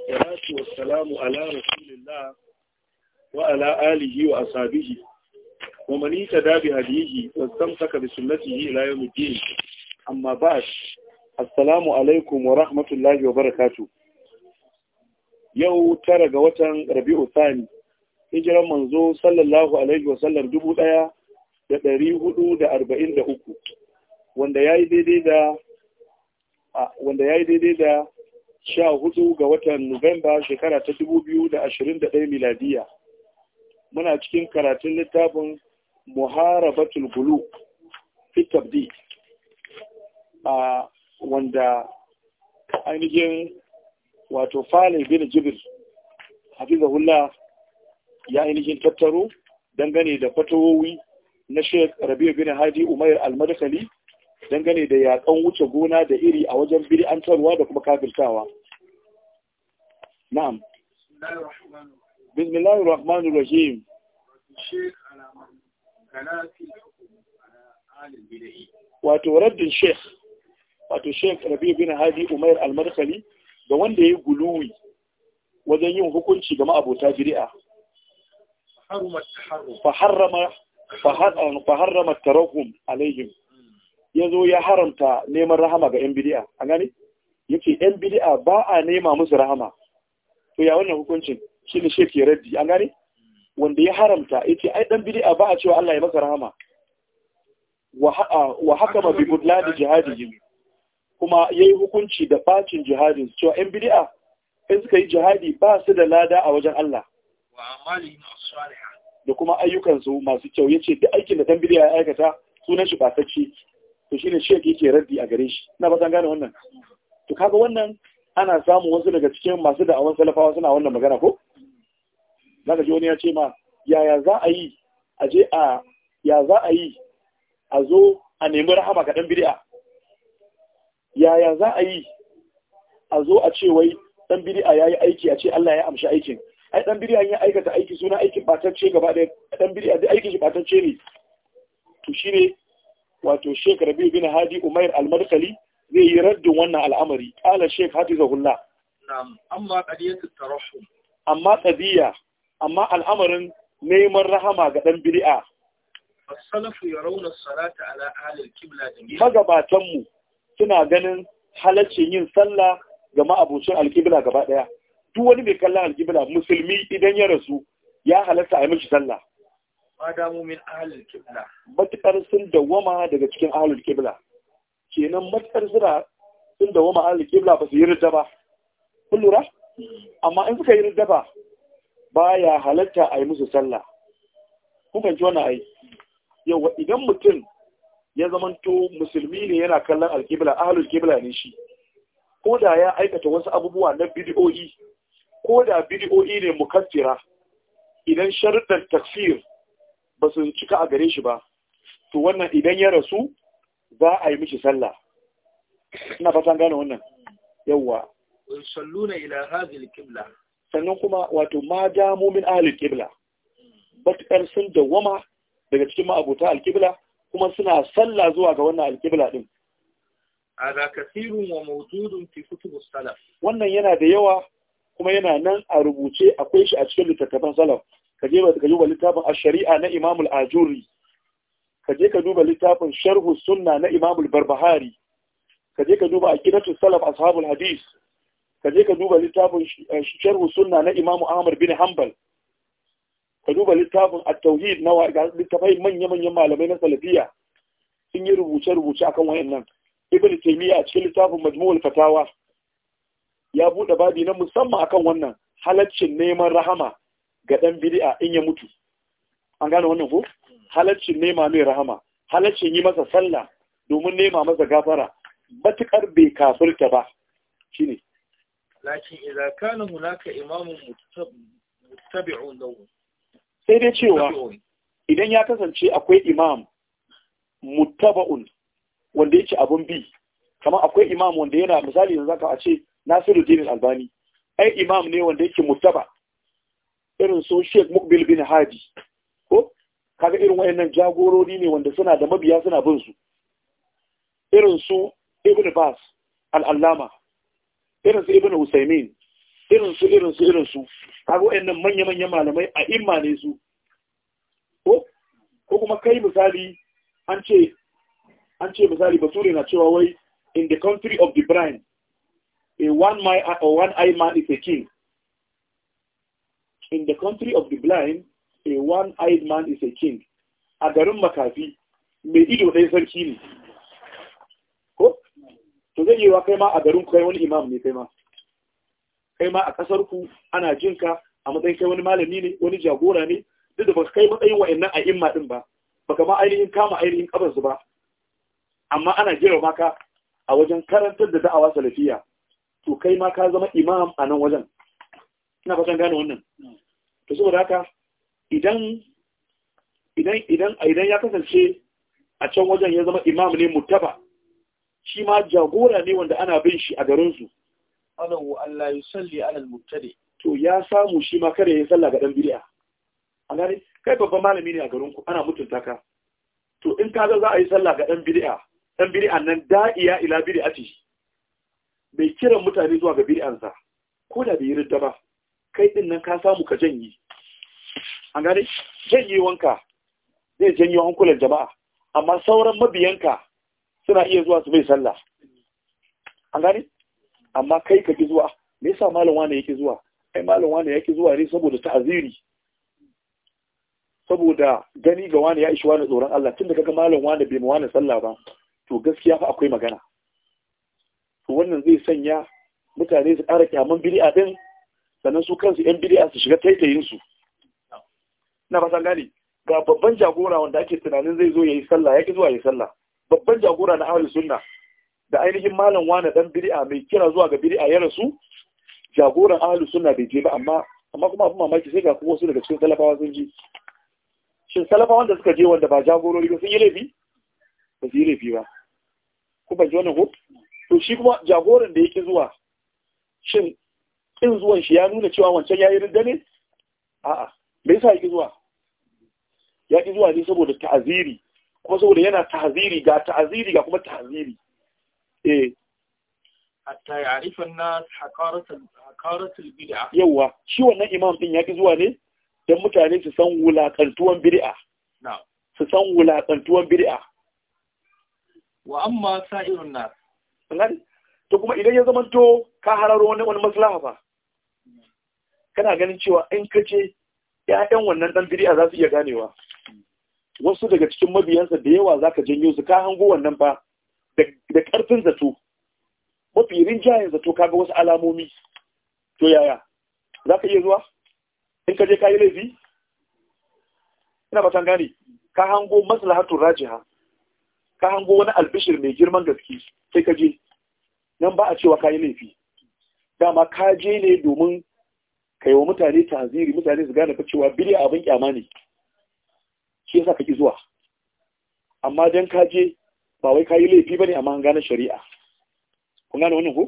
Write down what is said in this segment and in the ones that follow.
wasalatu wasalamu ala rasulillah wa ala alihi wa ashabihi wa man ittaba bi hadihi wastamsaka bi sunnatihi ila yawm al-din amma ba'd assalamu alaikum wa rahmatullahi wa barakatuh yau tara ga watan rabi'u thani hijiran manzo sallallahu alaihi wa sallam dubu daya da ɗari hudu da arba'in da uku wanda ya yi daidai da wanda ya daidai da sha hudu ga watan Nuwamba shekara ta dubu biyu da ashirin da ɗaya miladiya. Muna cikin karatun littafin Muharabatul Gulu Fitabdi a wanda ainihin wato Fale bin Jibir Hula ya ainihin tattaro dangane da fatawowi na Sheikh Rabi'u bin Hadi Umar al madakali dangane da yakan wuce gona da iri a wajen biri, an tarwa da kuma kafiltawa. na'am bismillahir rahmanir rahim wato raddin sheikh wato sheikh rabi bin hadi umair al-madkhali ga wanda ya guluwi wajen yin hukunci ga ma'abota bid'a fa harrama fa harrama tarahum alaihim ya zo ya haramta neman rahama ga 'yan bidi'a an gane yake 'yan bidi'a ba a nema musu rahama to ya wannan hukuncin shi ne shekki raddi a gani. wanda ya haramta ce ai dan bidi'a ba a cewa Allah ya masa rahama wa ma bi budlani jihadihim kuma yayi hukunci da bacin jihadin cewa 'yan bidi'a in suka yi jihadi ba su da lada a wajen Allah da kuma ayyukansu masu kyau yace duk aikin da dan bidi'a ya aikata sunan shi batacci to shine shi yake raddi a gare shi ina ba san gane wannan to kaga wannan ana samun wasu daga cikin masu da'awan salafawa suna wannan magana ko zaka ji wani ya ce ma yaya za a yi a je a ya za a yi a zo a nemi rahama ga dan bid'a yaya za a yi a zo a ce wai dan bid'a yayi aiki a ce Allah ya amshi aikin ai dan bid'a ya aikata aiki suna aikin batacce gaba da dan bid'a duk aikin shi batacce ne to shine wato Sheikh Rabi bin Hadi Umair Al-Madkhali zai yi raddin wannan al'amari qala Sheikh Hafizahullah na'am amma qadiyatu tarahum amma qadiya amma al'amarin neman rahama ga dan bid'a as-salafu yarawna as-salata ala ahli al-qibla jami'an magabatan mu suna ganin halaccin yin sallah ga ma'abucin al-qibla gaba daya duk wani mai kallon al-qibla musulmi idan ya rasu ya halatta a yi mishi sallah madamu min ahlul kibla. matakar sun dawama daga cikin ahlul Kibla. kenan matakar suna sun dawama ahlul kibla ba su yi ridda ba kun lura amma in suka yi ridda ba baya halatta a yi musu sallah Kuma ji wannan ai yawa idan mutum ya zamanto musulmi ne yana kallon alkibla ahlul kibla ne shi ko da ya aikata wasu abubuwa na bidiyoyi ko da bidiyoyi ne mukaffira idan sharuɗar takfir ba su cika a gare shi ba to wannan idan ya rasu ba a yi mishi sallah ina fatan gane wannan yawwa salluna ila hadhihi al-qibla sannan kuma wato ma damu min ahli al-qibla batkar sun dawama daga cikin ma'abuta al-qibla kuma suna sallah zuwa ga wannan al-qibla din ala kathirun wa mawjudun fi kutub salaf wannan yana da yawa kuma yana nan a rubuce akwai shi a cikin littattafan salaf ka je ka duba littafin ash-shari'a na Imam al-Ajuri ka je ka duba littafin sharh sunna na Imam al-Barbahari ka je ka duba aqidatu salaf ashabul hadith ka je ka duba littafin eh, sharh sunna na Imam Ahmad bin Hanbal ka duba littafin at-tauhid na littafai manya-manyan malamai na salafiya sun yi rubuce-rubuce akan wayannan ibn taymiya a cikin littafin majmu'ul fatawa ya bude babi na musamman akan wannan halaccin neman rahama ga ɗan bid'a in ya mutu an gane wannan ko halaccin nema mai rahama halaccin yi masa sallah domin nema masa gafara matukar bai kafirta ba shine lakin idza kana hunaka imamun mutabi'u lahu sai dai cewa idan ya kasance akwai imam mutaba'un wanda yake abun bi kamar akwai imam wanda yana misali yanzu zaka a ce Nasiru Dinin Albani ai imam ne wanda yake muttaba irin su Sheikh Mukbil bin Hadi ko kaga irin wayannan jagorori ne wanda suna da mabiya suna bin su irin su Ibn Bas al-Allama irin su Ibn Usaymin irin su irin su irin su kaga wayannan manya-manyan malamai a imma ne su ko ko kuma kai misali an ce an ce misali Bature na cewa wai in the country of the blind a one my or one eye man is a king in the country of the blind a one-eyed man is a king a garin makafi mai ido ɗaya sarki ne ko to zai yi wa kai ma a garin kai wani imam ne kai ma kai ma a ƙasar ku ana jinka a matsayin kai wani malami ne wani jagora ne duk da ba kai matsayin wa'annan a imma din ba baka ma ainihin kama ainihin kabarsu ba amma ana jira maka a wajen karantar da da'awa salafiya to kai ma ka zama imam a nan wajen ina fatan gane wannan to saboda haka idan idan idan ya kasance a can wajen ya zama imam ne mutaba shi ma jagora ne wanda ana bin shi a garin su alahu Allah salli ala al-mubtadi to ya samu shi ma kare ya salla ga dan bid'a an kai babban malami ne a garin ku ana mutunta ka to in ka ga za a yi salla ga dan bid'a dan bid'a nan da'iya ila bid'ati bai kiran mutane zuwa ga bid'ansa ko da bai yi ridda ba kai din nan ka samu ka janye an gane wanka zai janye hankulan jama'a amma sauran mabiyanka suna iya zuwa su bai sallah an gane amma kai ka ki zuwa me yasa malam wani yake zuwa ai malam wani yake zuwa ne saboda ta'aziri saboda gani ga wani ya ishi wani tsoron Allah tun da kaga malam wani bai wani sallah ba to gaskiya fa akwai magana to wannan zai sanya mutane su ƙara kyaman bid'a din sannan su kansu yan bid'a su shiga taitayin su na ba gane ga babban jagora wanda ake tunanin zai zo yayi sallah yake zuwa yayi sallah babban jagora na ahli sunna da ainihin malam wani dan bid'a mai kira zuwa ga bid'a ya rasu jagoran ahli sunna bai je ba amma amma kuma abin mamaki sai ga ku wasu daga cikin talafawa sun ji shin salafawan da suka je wanda ba jagorori ba sun yi laifi ba su yi laifi ba ku ban ji wannan ko to shi kuma jagoran da yake zuwa shin ɗin zuwan shi ya nuna cewa wancan ya yi rinda ne a'a me yasa yake zuwa ya ki zuwa ne saboda ta'aziri kuma saboda yana ta'aziri ga ta'aziri ga kuma ta'aziri eh hatta ya'rifan nas na hakaratul bid'a yawa shi wannan imam din ya ki zuwa ne Don mutane su san wulaƙantuwan bid'a su san wulaƙantuwan bid'a wa amma sa'irun nas to kuma idan ya zamanto ka hararo wani wani maslaha ba kana ganin cewa in ka ce ‘ya'yan wannan ɗan biri'a za su iya ganewa wasu daga cikin mabiyansa da yawa za ka janyo su ka hango wannan ba da ƙarfin zato mafi rinjayen zato ka ga wasu alamomi to yaya za ka iya zuwa in ka je ka yi laifi ina fatan gane ka hango maslahatun rajiha ka hango wani albishir mai girman gaske sai ka je nan ba a cewa ka yi laifi dama ka je ne domin Kaiwa wa mutane taziri mutane su gane cewa bid'a abin kyama ne shi yasa kake zuwa amma dan kaje ba wai kayi laifi bane amma an gane shari'a kun gane wannan ko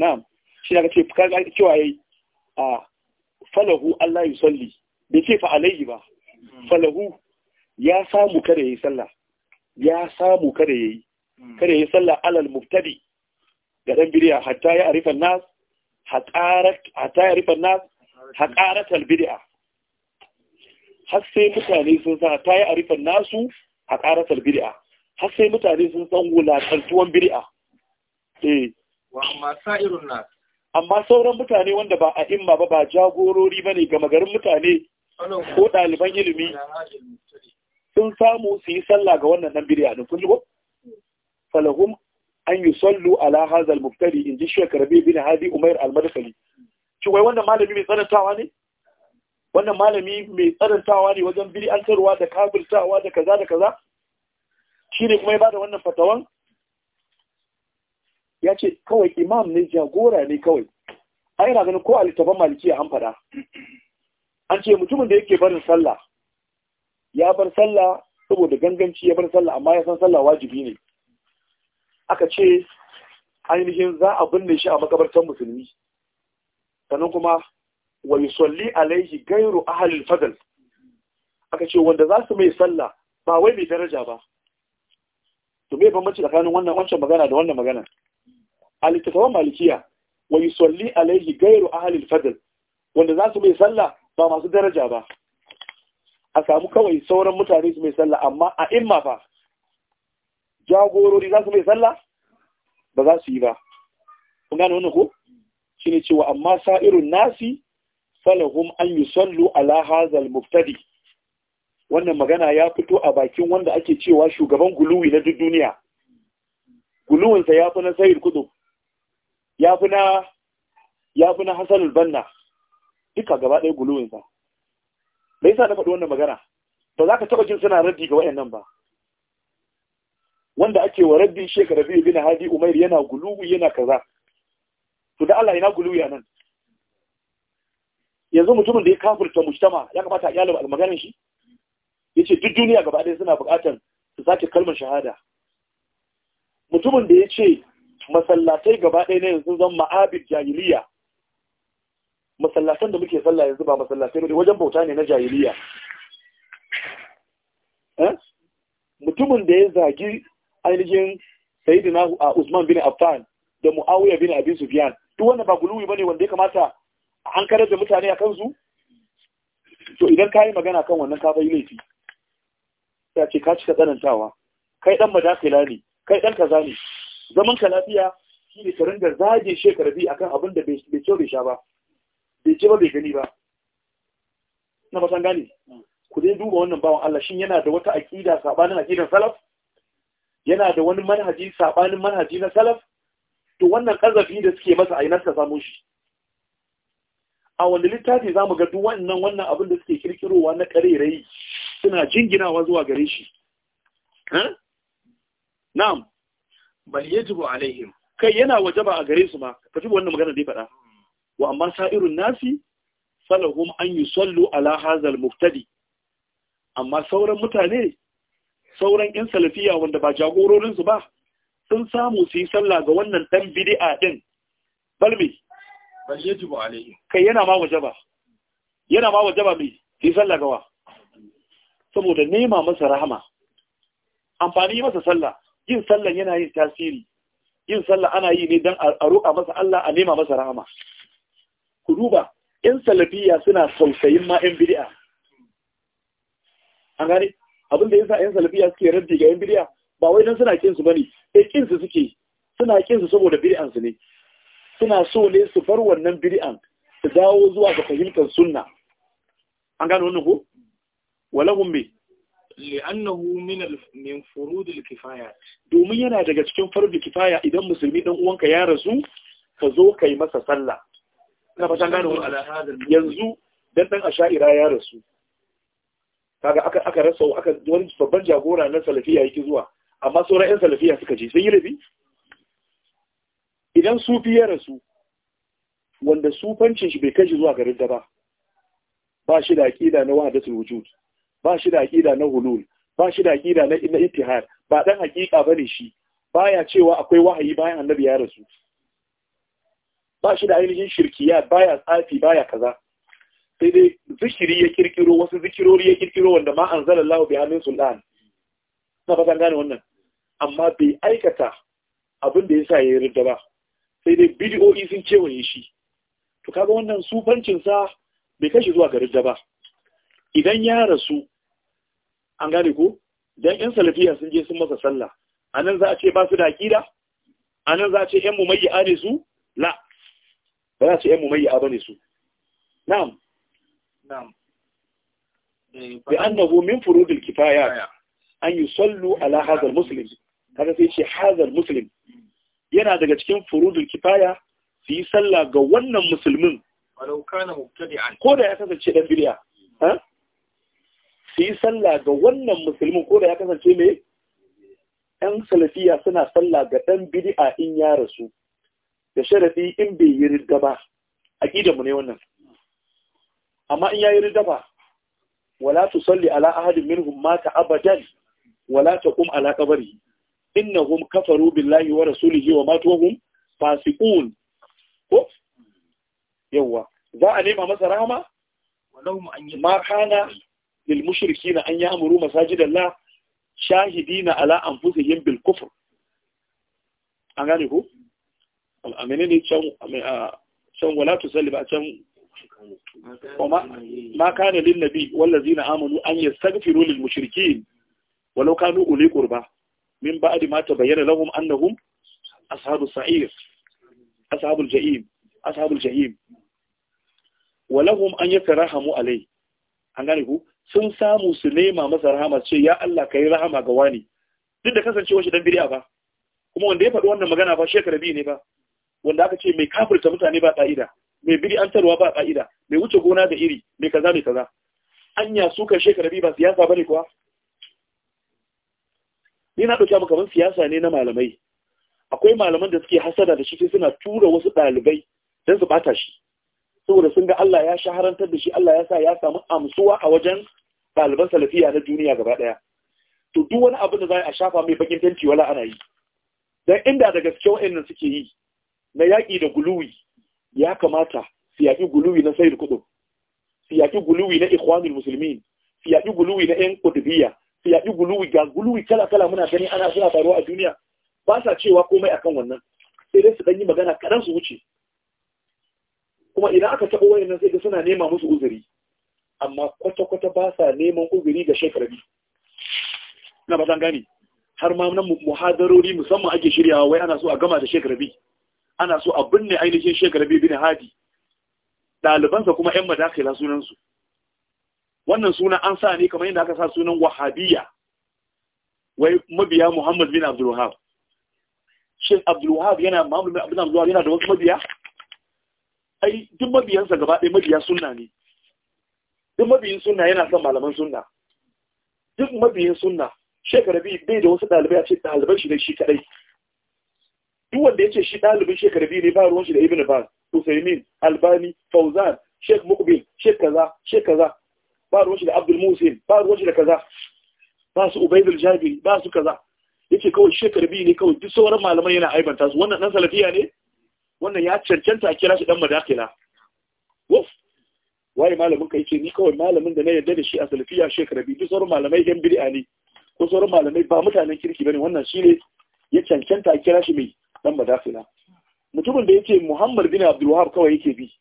na'am shi da kace ka ga cewa yayi a falahu Allah yusalli bai ce fa alayhi ba falahu ya samu kada yayi sallah ya samu kada yayi kada yayi sallah alal mubtadi ga dan bidiya hatta ya arifa nas hatta ya arifa nas haƙaratar bid'a har sai mutane sun san ta yi arifan nasu haƙaratar bid'a har sai mutane sun san wulakantuwan bid'a eh wa amma sa'irun nas amma sauran mutane wanda ba a imma ba ba jagorori bane ga magarin mutane ko ɗaliban ilimi sun samu su yi sallah ga wannan nan bid'a ne kun ji ko falahum an sallu ala hadha al-mubtadi inji shekarabi bin hadi umair al-madkhali to wai wannan malami mai tsanantawa ne wannan malami mai tsanantawa ne wajen bil'antarwa da kafirtawa da kaza da kaza shi ne kuma ya bada wannan fatawan ya ce kawai imam ne jagora ne kawai a yana ganin ko a littafin maliki an faɗa an ce mutumin da yake barin sallah ya bar sallah saboda ganganci ya bar sallah amma ya san sallah wajibi ne aka ce ainihin za a binne shi a makabartar musulmi sannan kuma wa yusalli alaihi gairu ahlil fadl aka ce wanda za su mai sallah ba wai mai daraja ba to me bambanci tsakanin wannan wancan magana da wannan magana al-tafawa malikiya wa yusalli alaihi gairu ahlil fadl wanda za su mai sallah ba masu daraja ba a samu kawai sauran mutane su mai sallah amma a imma fa jagorori za su mai sallah ba za su yi ba kun gane wannan ko ne cewa amma sa'irun nasi falahum an yi sallu ala hazal muftadi wannan magana ya fito a bakin wanda ake cewa shugaban guluwi na duk duniya guluwinsa ya fi na sayid kudu ya fi na hasan albanna duka gaba ɗaya guluwinsa me yasa na faɗi wannan magana ba za ka taɓa jin suna raddi ga wayannan ba wanda ake wa raddi shekara biyu bin hadi umair yana guluwi yana kaza to da Allah ina guluya nan yanzu mutumin da ya kafurta mujtama ya kamata a kyalaba shi yace duk duniya gaba ɗaya suna buƙatar su sake kalmar shahada mutumin da ya ce masallatai gaba ɗaya na yanzu zan ma'abid jahiliya masallatan da muke sallah yanzu ba masallatai ne wajen bauta ne na jahiliya eh? mutumin da ya zagi ainihin sayyidina a usman bin affan da muawiya bin abi sufyan duk wanda ba guluwi bane wanda ya kamata an karar da mutane a zu? to idan ka yi magana kan wannan ka bai laifi ya ce ka cika tsanantawa kai dan madakila ne kai dan kaza ne zaman ka lafiya shi ne tarin da zage shekara bi akan abin da bai ce bai sha ba bai ce ba bai gani ba na fasan gane ku dai duba wannan bawan Allah shin yana da wata aqida sabanin aqidan salaf yana da wani manhaji sabanin manhaji na salaf to wannan kazafi da suke masa a ina suka samu shi a wanda littafi za mu ga duk wannan wannan abin da suke kirkirowa na karerai suna jinginawa zuwa gare shi na'am bal yajibu alaihim kai yana waje ba a gare su ma ka ji wannan magana da ya faɗa wa amma sa'irun nasi falahum an yi sallu ala hazal muftadi amma sauran mutane sauran yan salafiya wanda ba jagororinsu ba sun samu su yi sallah ga wannan dan bidi'a ɗin balmi kai yana ma waje ba, yana ma waje ba mai yi sallah gawa saboda nema masa rahama amfani masa sallah yin sallah yana yin tasiri yin sallah ana yi ne don a roƙa masa Allah a nema masa rahama ku duba yan salafiya suna sausayin ma yan bidi'a an gane abin da yasa yan salafiya suke raddi ga yan bidi'a ba wai dan suna kinsu ba ne. sai kinsu suke suna kinsu saboda bir'ansu su ne suna so ne su far wannan bir'an su dawo zuwa ga fahimtar sunna an gano wannan ko walahum bi li'annahu min min furud al kifaya. domin yana daga cikin fardu kifaya idan musulmi dan uwanka ya rasu ka zo kai masa sallah ina san gano yanzu dan dan asha'ira ya rasu kaga aka aka rasa aka wani babban jagora na salafiya yake zuwa amma sauran 'yan salafiya suka je sun yi rabi idan sufi ya rasu wanda sufancin shi bai kai shi zuwa garin da ba ba shi da aƙida na su wujud ba shi da aƙida na hulul ba shi da aƙida na ina itihar ba dan ba ne shi ba ya cewa akwai wahayi bayan annabi ya rasu ba shi da ainihin shirkiya ya tsafi ba ya kaza sai dai zikiri ya kirkiro wasu zikirori ya kirkiro wanda ma anzalallahu bi amin sultan na fasan gane wannan amma bai aikata abin da ya sa ya yarda ba sai dai bidiyoyi sun kewaye shi to kaga wannan sufancinsa bai kashi zuwa ga ridda ba idan ya rasu an gane ko dan yan salafiya sun je sun masa sallah anan za a ce ba su da aqida anan za a ce yan mumayya ne su la ba za a ce yan mumayya bane su na'am na'am bi annahu min furudil kifaya an yusallu ala hadha almuslim kaga sai ce hazar muslim yana daga cikin furudul kifaya su yi sallah ga wannan musulmin ko da ya kasance ɗan bid'a su yi sallah ga wannan musulmin ko da ya kasance mai ɗan salafiya suna sallah ga ɗan bid'a in ya rasu da sharafi in bai yi ridda ba aqida mu ne wannan amma in ya yi ridda ba wala salli ala ahadin minhum mata abadan wala taqum ala qabri innahum kafaru billahi wa rasulihi wa matuhum fasiqun ko yawa za a nema masa rahama ma kana lil mushrikina an ya'muru masajidallah shahidina ala anfusihim bil kufr an gane ko amene ne can wala tusalli ba can ma kana lin nabi wallazina amanu an yastaghfiru lil mushrikin walau kanu uli qurba من بعد ma تبين لهم أنهم أصحاب sa'ir أصحاب jahim أصحاب الجئيم ولهم an يترحموا alai أنه sun samu su nema masa rahama ce ya Allah kai rahama ga wani duk da kasance shi dan biri'a ba kuma wanda ya faɗi wannan magana ba shekara biyu ne ba wanda aka ce mai kafirta mutane ba ka'ida mai bid'antarwa ba ka'ida mai wuce gona da iri mai kaza mai kaza anya su kan shekara biyu ba siyasa bane kuwa ni na ɗauka maka siyasa ne na malamai akwai malaman da suke hasada da shi sai suna tura wasu ɗalibai don su ɓata shi saboda sun ga Allah ya shaharantar da shi Allah ya sa ya samu amsuwa a wajen ɗaliban salafiya na duniya gaba ɗaya to duk wani abin da za a shafa mai bakin tanci wala ana yi dan inda da gaske wa'annan suke yi na yaƙi da guluwi ya kamata su yaƙi guluwi na sayar kudu su yaƙi guluwi na ikhwanul musulmin su yaƙi guluwi na yan kutubiyya Ya yaɗi guluwi ga guluwi kala-kala muna gani ana suna faruwa a duniya ba sa cewa komai akan wannan sai dai su ɗan yi magana kaɗan su wuce kuma idan aka taɓa wayannan sai ga suna nema musu uzuri amma kwata-kwata ba sa neman uzuri ga shekarabi na ba zan gani har ma nan muhadarori musamman ake shiryawa wai ana so a gama da shekarabi ana so a binne ainihin shekarabi bin hadi ɗalibansa kuma 'yan madakila sunansu wannan suna an sa ne kamar yadda aka sa sunan wahabiyya wai mabiya muhammad bin abdul wahab shin abdul wahab yana muhammad bin abdul wahab yana da wasu mabiya ai duk mabiyansa gaba ɗaya mabiya sunna ne duk mabiyin sunna yana son malaman sunna duk mabiyin sunna shekara biyu bai da wasu ɗalibai a ce ɗaliban shi ne shi kaɗai duk wanda ya ce shi ɗalibin shekara biyu ne ba ruwan shi da ibn baz usaimin albani fauzan shek mukbil shek kaza shek kaza ba ruwan shi da abdul musin ba ruwan shi da kaza ba su ubaidul ba su kaza yace kawai shekar biyu ne kawai duk sauran malaman yana aibanta su wannan dan salafiya ne wannan ya cancanta a kira shi dan madakila wuf malamin ka yace ni kawai malamin da na yarda da shi a salafiya shekar biyu duk sauran malamai yan bid'a ne ko sauran malamai ba mutanen kirki bane wannan shine ya cancanta a kira shi mai dan madakila mutumin da yake Muhammad bin Abdul kawai yake bi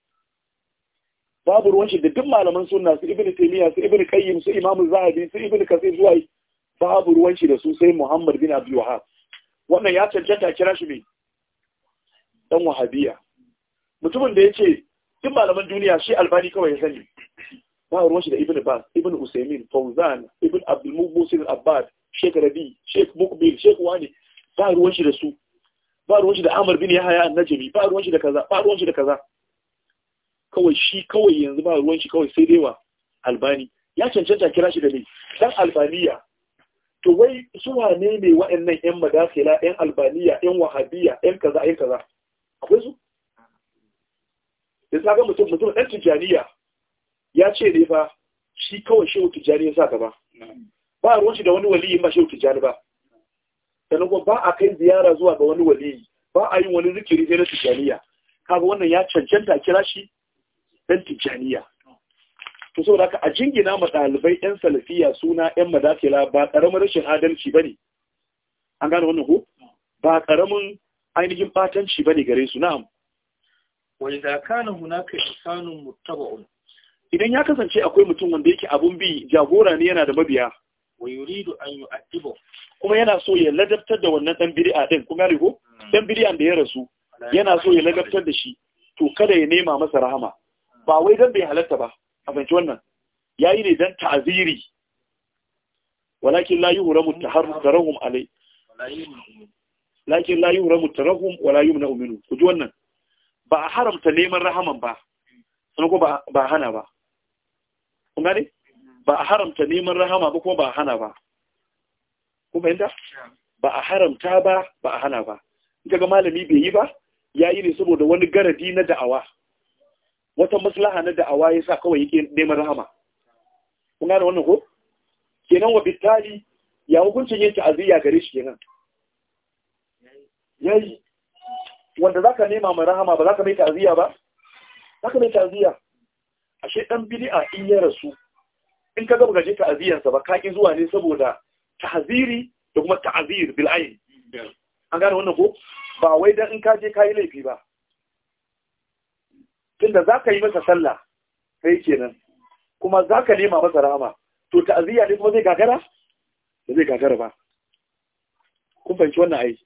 babu ruwan shi da duk malaman sunna su ibnu taymiya su ibnu qayyim su imamu zahabi su ibnu kasir zuwa babu ruwan shi da su sai muhammad bin abdul wahab wannan ya cancanta kira shi mai dan wahabiya mutumin da yace duk malaman duniya shi albani kawai ya sani ba ruwan shi da ibnu bas ibnu usaymin fawzan ibnu abdul muhsin abbad sheikh rabi sheikh mukbil sheikh wani ba ruwan shi da su ba ruwan shi da amr bin yahya an-najmi ba ruwan shi da kaza babu ruwan shi da kaza kawai shi kawai yanzu ba ruwan shi kawai sai dai wa albani ya cancanta kira shi da ne dan albaniya to wai su wane ne wa'annan yan madafila yan albaniya yan wahabiya yan kaza yan kaza akwai su da sa ga mutum mutum dan tijaniya ya ce ne fa shi kawai shehu Tijaniya ya sa gaba ba ruwan shi da wani waliyi ba shehu tijani ba sannan kuma ba a kai ziyara zuwa ga wani waliyi ba a yin wani zikiri sai na tijaniya kaga wannan ya cancanta kira shi ɗan tijjaniya to saboda haka a jingina ma ɗalibai ɗan salafiya suna ɗan madakila ba ƙaramin rashin adalci ba ne an gane wannan ko ba ƙaramin ainihin ɓatanci ba ne gare su na? Wani na'am wa idza kana hunaka insanun muttaba'un idan ya kasance akwai mutum wanda yake abun bi jagora ne yana da mabiya wa yuridu an Ibo? kuma yana so ya ladabtar da wannan dan biri'a din kuma ya ko dan hmm. bid'an da ya rasu yana so ya ladabtar da shi to kada ya nema masa rahama ba wai don bai halatta ba a fahimci wannan ya yi ne don ta'aziri walakin la yuhramu taharrahum alai lakin la ta tarahum wala na uminu ku ji wannan ba a haramta neman rahaman ba sannan ko ba a hana ba ku gane ba a haramta neman rahama ba kuma ba a hana ba kun fahimta ba a haramta ba ba a hana ba ita ga malami bai yi ba ya yi ne saboda wani garadi na da'awa wata maslaha na da'awa ya sa kawai yake neman rahama kun gane wannan ko kenan wa bitali ya hukuncin yin ta'aziyya gare shi kenan yayi wanda zaka nema mai rahama ba zaka mai ta'aziyya ba zaka mai ta'aziyya ashe dan bid'a in ya rasu in ka gaba gaje sa ba ka ki zuwa ne saboda tahziri da kuma ta'azir bil ayn an gane wannan ko ba wai dan in ka je kai laifi ba tunda za ka yi masa sallah sai kenan kuma za ka nema masa rahama to ta'aziyya ne kuma zai gagara ba zai gagara ba kun fahimci wannan ai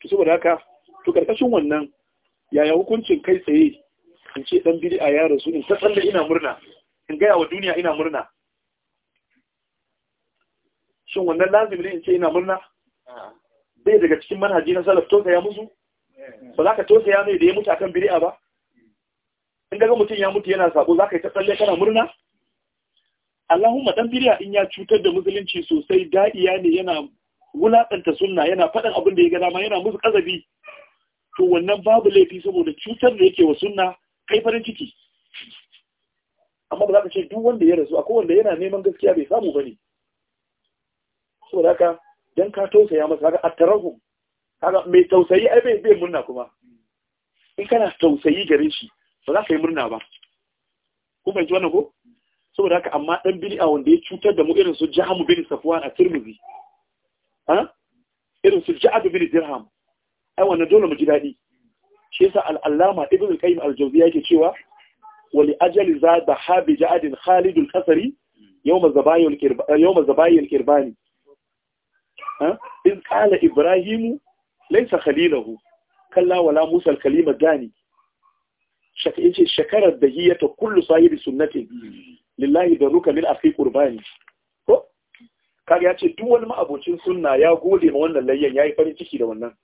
to saboda haka to karkashin wannan yaya hukuncin kai tsaye in ce dan bid'a ya rasu in ta tsalle ina murna in gaya wa duniya ina murna shin wannan lazimi ne in ce ina murna bai daga cikin manhaji na salaf to ya musu ba za ka to ya mai da ya mutu akan bid'a ba in daga mutum ya mutu yana sabo za ka yi ta tsalle kana murna Allahumma dan biriya in ya cutar da musulunci sosai da'iya ne yana wulaƙanta sunna yana faɗan abin da ya ga dama yana musu ƙazabi to wannan babu laifi saboda cutar da yake wa sunna kai farin ciki amma ba za ka ce duk wanda ya rasu akwai wanda yana neman gaskiya bai samu bane saboda haka dan ka tausaya masa haka attarahum kaga mai tausayi ai bai bai kuma in kana tausayi gare shi ba za ka yi murna ba ku fahimci wannan ko saboda haka amma dan bid'a wanda ya cutar da mu irin su Jahmu bin Safwan a Tirmidhi ha irin su Ja'ad bin Dirham ai wannan dole mu ji dadi shi yasa al-Allama Ibn Qayyim al-Jawziyya yake cewa wa li ajali za da habi Ja'ad Khalid al-Qasri yawm zabayil kirbani zabayil kirbani ha in qala Ibrahim laysa khalilahu kalla wala Musa al-kalima dani yace shakarar da yi ta kullu sahibi sunnati lillahi da ruka lil afi kurbani. ko kaga yace duk wani ma'abocin sunna ya gode ma wannan layyan ya yi farin ciki da wannan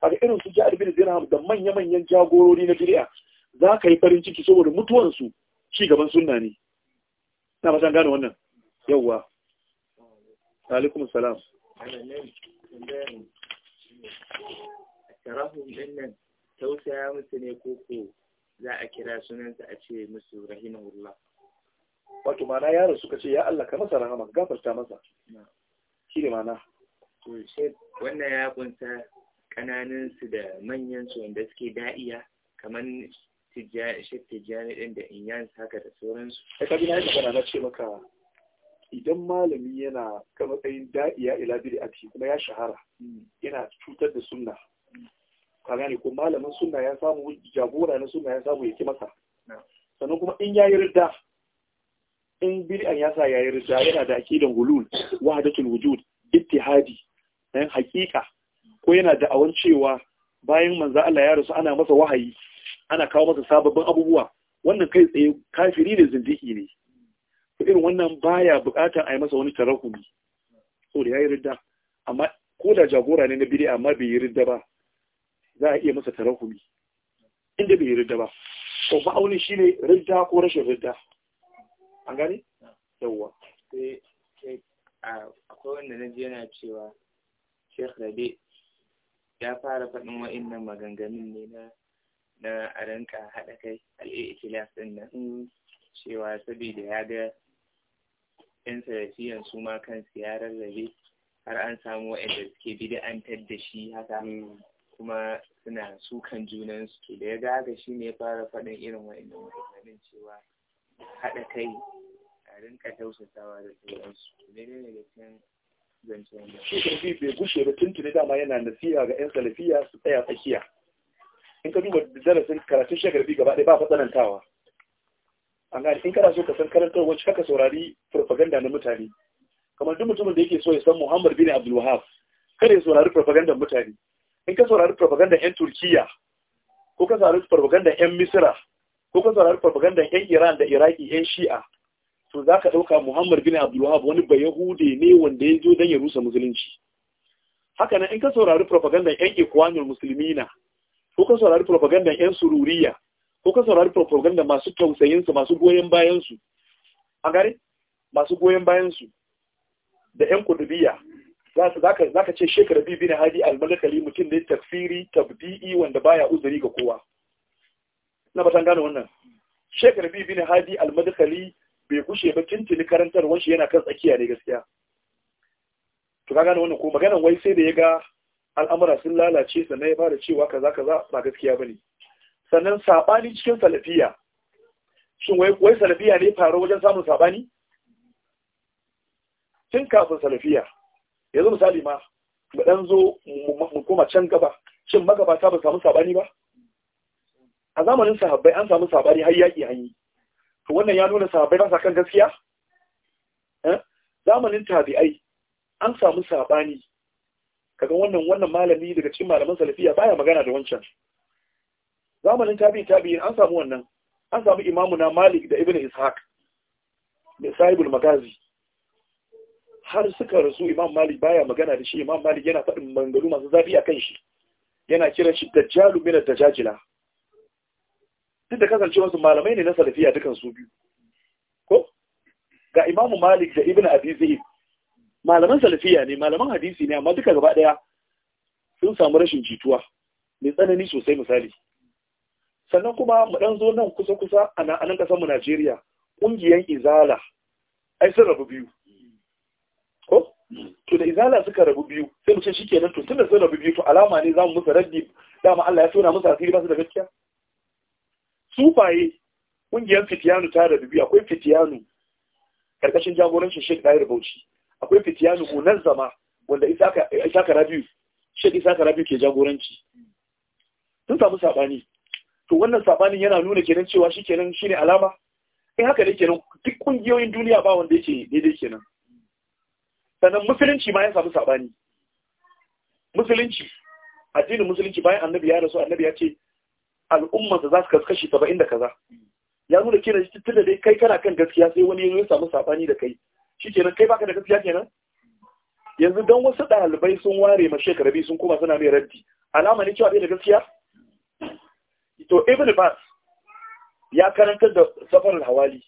haka irin su ja'ar bin dirham da manya manyan jagorori na bid'a za ka yi farin ciki saboda mutuwan su ci gaban sunna ne na ba san gane wannan yawwa alaikum salam ana nan a karahun nan tausaya musu ne ko ko za a kira sunansa a ce musu rahimahullah wato mana yaro suka ce ya Allah ka masa rahama ka gafarta masa shi ne mana to wannan ya kunsa kananan su da manyan su wanda suke da'iya kamar shi tijjani din da inyan haka da sauransu ai bi na yi magana na ce maka idan malami yana ka matsayin da'iya ila bid'ati kuma ya shahara hmm. yana cutar da sunna ka gane ko malamin sunna ya samu jagora na sunna ya samu yake masa sannan kuma in yayi ridda in bid'an ya sa yayi ridda yana da akidan hulul wahdatul wujud ittihadi dan hakika ko yana da awan cewa bayan manzo Allah ya rasu ana masa wahayi ana kawo masa sababbin abubuwa wannan kai tsaye kafiri da zindiki ne irin wannan baya bukatar a yi masa wani tarahumi so da yayi ridda amma ko da jagora ne na bid'a amma bai yi ridda ba za a iya masa tarahumi inda bai ridda ba ko ma'aunin shi ne ridda ko rashin ridda an gani? yawwa eh, eh, akwai wanda na ji yana cewa sheikh rabe ya fara faɗin wa'innan maganganun ne na na a ranka haɗa kai al'i'ikilas ɗin nan mm, cewa saboda ya ga yan sarafiyan su ma kan ya rarrabe har an samu wa'inda suke bi da shi haka mm. kuma suna sukan junansu to da ya gaga shi ne fara faɗin irin wa'annan maganganun cewa haɗa kai a rinka tausasawa da sauransu daidai ne da cikin zancen da shi kan fi bai gushe ba tuntuni dama yana nasiha ga yan salafiya su tsaya tsakiya in ka duba darasin karatun bi gaba ɗaya ba fa tsanantawa an gani in kana so ka san karantar wacce kaka saurari farfaganda na mutane kamar duk mutumin da yake so ya san muhammad bin abdul wahab kada ya saurari farfagandar mutane in ka saurari propaganda 'yan turkiya ko ka saurari propaganda 'yan misira ko ka saurari propaganda 'yan iran da iraki 'yan shi'a to za ka ɗauka muhammad bin abdullahab wani bayahude ne wanda ya zo don ya rusa musulunci haka nan in ka saurari propaganda 'yan ikwanul musulmina ko ka saurari propaganda 'yan sururiya ko ka saurari propaganda masu tausayinsu masu goyon bayansu a gare masu goyon bayansu da 'yan kudubiya za ka ce shekara bibi na hadi almalakali mutum ne tafsiri tabdi'i wanda baya uzuri ga kowa na batan gane wannan shekara bibi na hadi almalakali bai kushe ba tuntuni karantarwar shi yana kan tsakiya ne gaskiya to ka gane wannan ko maganan wai sai da ya ga al'amura sun lalace sannan ya fara cewa kaza kaza ba gaskiya bane sannan sabani cikin salafiya shin wai wai salafiya ne faru wajen samun sabani tun kafin salafiya yanzu misali ma mu dan zo mu koma can gaba shin magabata ba samu sabani ba a zamanin sahabbai an samu sabani har yaki hanyi to wannan ya nuna sahabbai ba sa kan gaskiya eh? zamanin tabi'ai an samu sabani kaga wannan wannan malami daga cikin malaman salafiya baya magana da wancan zamanin tabi'i tabi'in an samu wannan an samu Imamuna malik da ibnu ishaq da sahibul magazi har suka rasu imam malik baya magana da shi imam malik yana faɗin mangaru masu zafi a kan shi yana kiran shi dajjalu min dajajila duk da kasance wasu malamai ne na salafiya dukan su biyu ko ga imam malik da ibn abi zaid malaman salafiya ne malaman hadisi ne amma duka gaba daya sun samu rashin jituwa mai tsanani sosai misali sannan kuma mu dan zo nan kusa kusa a nan kasar mu Najeriya ƙungiyar izala ai sun rabu biyu to da izala suka rabu biyu sai mu ce shikenan to tunda sun rabu biyu to alama ne zamu musu raddi dama Allah ya tona musu asiri ba su da gaskiya Su sufaye kungiyar fitiyanu ta rabu biyu akwai fitiyanu karkashin jagorancin Sheikh Dair Bauchi akwai fitiyanu zama wanda Isa Isa Karabiu Sheikh Isa Karabiu ke jagoranci sun samu sabani to wannan sabanin yana nuna kenan cewa shikenan shine alama in haka ne kenan duk kungiyoyin duniya ba wanda yake daidai kenan sannan musulunci ma ya samu sabani musulunci addinin musulunci bayan annabi ya rasu annabi ya ce al'umma za su kaskashi saba'in da kaza ya nuna kenan shi tun da dai kai kana kan gaskiya sai wani ya samu sabani da kai shi kenan kai baka da gaskiya kenan yanzu don wasu ɗalibai sun ware ma shekara biyu sun koma suna mai raddi alama ne cewa bai da gaskiya to ibn bas ya karantar da safarul hawali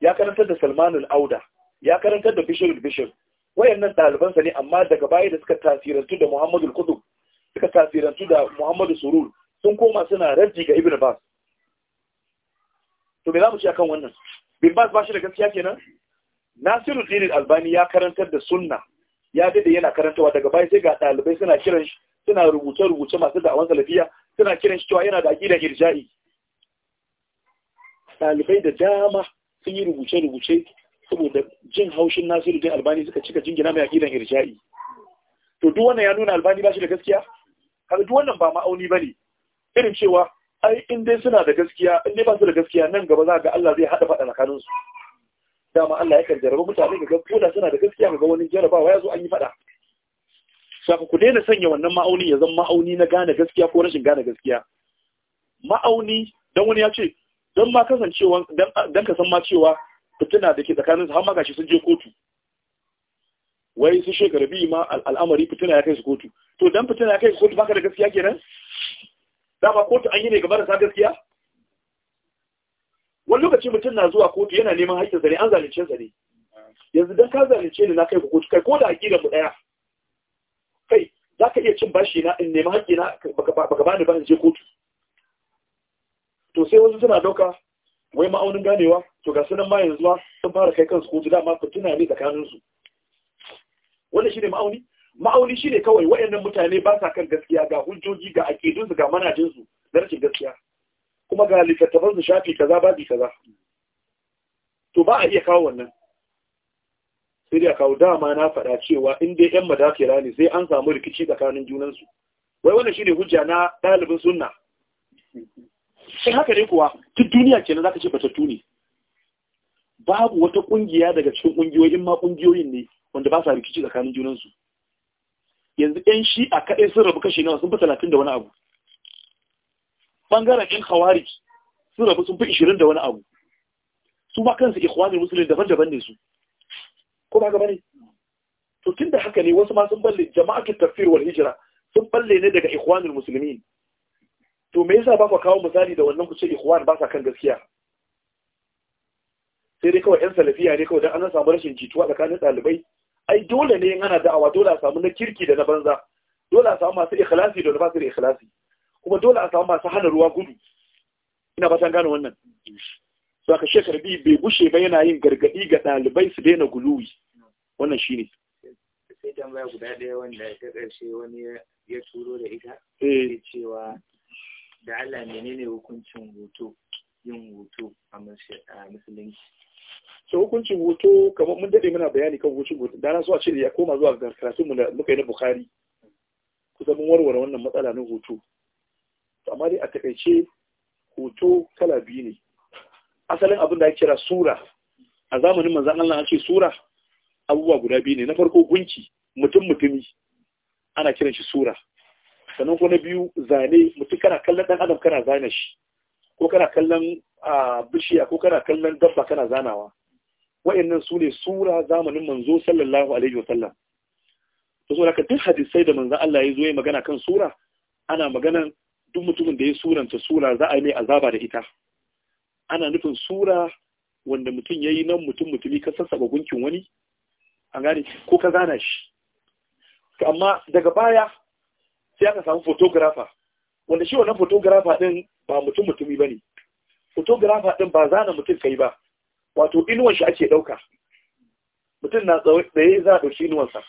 ya karantar da salmanul auda ya karantar da bishirul bishir wayannan sa ne amma daga baya da suka tasirantu da Muhammadu Kudu, suka tasirantu da Muhammadu Surur sun koma suna raddi ga Ibn Bas to me za mu ci akan wannan Ibn Bas ba shi da gaskiya kenan Nasiru Albani ya karantar da sunna ya dade yana karantawa daga baya sai ga ɗalibai suna kiran shi suna rubuce-rubuce masu da'awan salafiya suna kiran shi cewa yana da aqida irja'i ɗalibai da dama sun yi rubuce-rubuce saboda jin haushin nasiru din albani suka cika jingina mai aƙidan irja'i to duk wannan ya nuna albani ba shi da gaskiya kaga duk wannan ba ma'auni ba ne irin cewa ai in dai suna da gaskiya in dai ba su da gaskiya nan gaba za ga Allah zai haɗa faɗa tsakanin su dama Allah ya kan jarraba mutane ga ko da suna da gaskiya ga wani jarabawa ya zo an yi faɗa saka ku daina sanya wannan ma'auni ya zama ma'auni na gane gaskiya ko rashin gane gaskiya ma'auni dan wani ya ce dan ma kasancewa dan ka san ma cewa fituna da ke tsakanin su har magashi sun je kotu wai su shekara biyu ma al'amari fituna ya kai su kotu to dan fituna ya kai su kotu baka da gaskiya kenan dama kotu an yi ne gaba da sa gaskiya wani lokaci mutum na zuwa kotu yana neman haƙƙinsa ne an zalunce sa ne yanzu dan ka zalunce ni na kai kotu kai ko da aƙida mu ɗaya kai za ka iya cin bashi na in nemi haƙƙi na baka bani ba in je kotu to sai wasu suna ɗauka wai ma'aunin ganewa to ga sunan ma yanzu sun fara kai kansu kotu dama tuna ne tsakaninsu wannan shine ma'auni ma'auni shine kawai waɗannan mutane ba sa kan gaskiya ga hujjoji ga aƙidunsu ga manajinsu na rashin gaskiya kuma ga su shafi kaza bi kaza to ba a iya kawo wannan sai a kawo dama na faɗa cewa in dai yan madafira ne sai an samu rikici tsakanin junansu wai wannan shine hujja na ɗalibin sunna in haka ne kuwa duk duniya kenan zaka ce batattu ne babu wata kungiya daga cikin In ma kungiyoyin ne wanda ba sa rikici tsakanin junansu yanzu ɗan shi a kaɗai sun rabu kashe nawa sun fi talatin da wani abu ɓangaren ɗan hawari sun rabu sun fi ishirin da wani abu su ma kansu ikhwani musulun daban-daban ne su ko ba gaba ne to tun da haka ne wasu ma sun balle jama'atul tafsir wal hijira sun balle ne daga ikhwanul muslimin to me yasa ba ku kawo misali da wannan ku ce ikhwan ba sa kan gaskiya sai dai kawai yan salafiya ne kawai dan an samu rashin jituwa tsakanin ɗalibai ai dole ne in ana da'awa dole a samu na kirki da na banza dole a samu masu ikhlasi da ba su da ikhlasi kuma dole a samu masu hana ruwa gudu ina ba san gane wannan so aka shekar bi bai bushe ba yana yin gargadi ga ɗalibai su daina guluwi wannan shine sai tambaya guda ɗaya wanda ta ƙarshe wani ya turo da ita eh. cewa da Allah menene hukuncin hoto yin hoto a musulunci so hukuncin hoto kamar mun daɗe muna bayani kan hukuncin hoto da na so a ce ya koma zuwa ga karatun mu da muka yi na Bukhari kusa mun warware wannan matsala na hoto to amma dai a takaice hoto kala biyu ne asalin abin da ake kira sura a zamanin manzon Allah ake sura abubuwa guda biyu ne na farko gunki mutum mutumi ana kiran shi sura sannan ko na biyu zane mutum kana kallon dan adam kana zane shi ko kana kallon bishiya ko kana kallon dabba kana zanawa wa'annan su ne sura zamanin manzo sallallahu alaihi wa sallam to so ka duk hadisai da manzo Allah ya zo ya magana kan sura ana magana duk mutumin da ya suranta sura za a yi mai azaba da ita ana nufin sura wanda mutum ya yi nan mutum mutumi ka sassaba gunkin wani an gane ko ka zana shi amma daga baya sai aka samu photographer wanda shi wannan photographer din ba mutum mutumi bane photographer din ba zana mutum kai ba wato inuwan shi ake dauka mutum na tsaye za a dauki sa.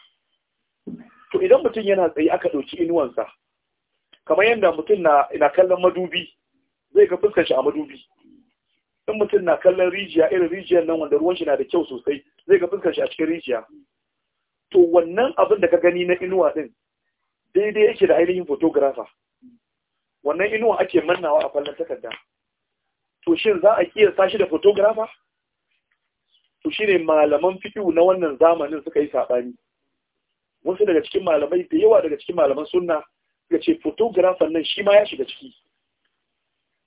to idan mutum yana tsaye aka dauki sa. kamar yadda mutum na ina kallon madubi zai ga fuskar shi a madubi in mutum na kallon rijiya irin rijiyar nan wanda ruwan shi na da kyau sosai zai ga fuskar shi a cikin rijiya to wannan abin da ka gani na inuwa din daidai yake da ainihin photographer wannan inuwa ake mannawa a fallon takarda to shin za a sa shi da photographer to shi ne malaman fiɗu na wannan zamanin suka yi saɓani. wasu daga cikin malamai da yawa daga cikin malaman sunna suka ce photographer nan shi ma ya shiga ciki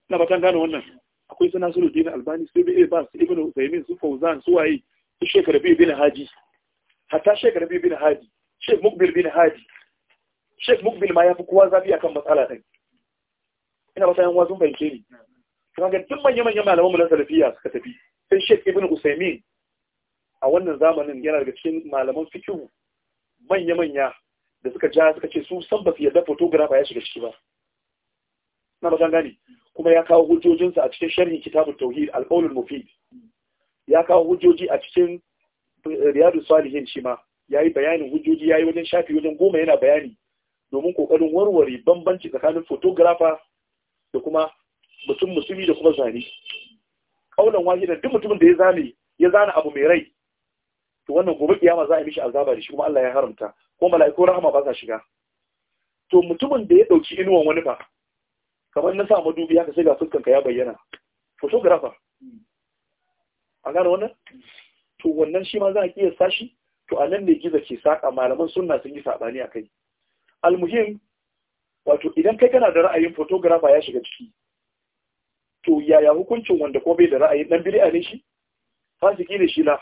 ina bakan gane wannan akwai sana sulu dina albani su bai ba su ibnu usaymin su fauzan su waye su shekara bin haji hatta shekara bin haji shek mukbil bin haji Sheikh Mukbil ma ya fi kowa zafi akan matsala ɗin. Ina ba yan wazun fahimce ni. Kuma ga duk manya-manyan malaman mu na salafiya suka tafi. Sai Sheikh Ibn Usaimin a wannan zamanin yana daga cikin malaman fikihu manya-manya da suka ja suka ce su san ba su yarda photographer ya shiga ciki ba. Na ba gani kuma ya kawo hujjojinsa a cikin sharhin kitabun tauhid al-qaulul mufid. Ya kawo hujjoji a cikin riyadu salihin shi ma yayi bayanin hujjoji yayi wajen shafi wajen goma yana bayani domin kokarin warware bambanci tsakanin photographer da kuma mutum musulmi da kuma zane kaulan wahidan duk mutumin da ya zane ya zana abu mai rai to wannan gobe kiyama za a yi mishi azaba da shi kuma Allah ya haramta ko mala'iku rahama ba sa shiga to mutumin da ya dauki inuwan wani ba kamar na sa madubi haka sai ga fuskan ka ya bayyana photographer a gane wannan to wannan shi ma za a kiyasta shi to a nan ne giza ke saka malaman sunna sun yi sabani a kai almuhim wato idan kai kana da ra'ayin photographer ya shiga ciki to yaya hukuncin wanda ko bai da ra'ayi dan bid'a ne shi fasiki ne shi na,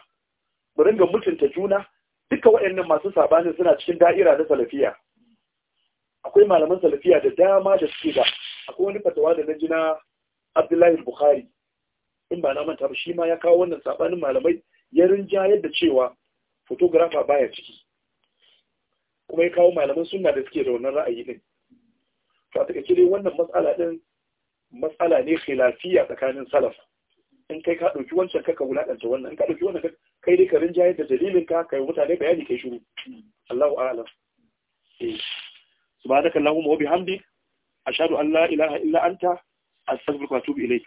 mu ringa mutunta juna duka waɗannan masu sabani suna cikin da'ira na salafiya akwai malaman salafiya da dama da suke da akwai wani fatawa da na jina Abdullahi Bukhari in ba na manta ba shi ma ya kawo wannan sabanin malamai ya rinja yadda cewa photographer baya ciki kuma ya kawo malaman sunna da suke da wannan ra'ayi din to a takaice dai wannan matsala din matsala ne khilafiya tsakanin salaf in kai ka dauki wancan kaka wulakanta wannan in ka dauki wannan kai dai ka rinjayar da dalilin ka kai mutane bayani kai shiru Allahu a'lam eh. subhanaka allahumma wa bihamdik ashhadu an la ilaha illa anta astaghfiruka wa atubu ilayk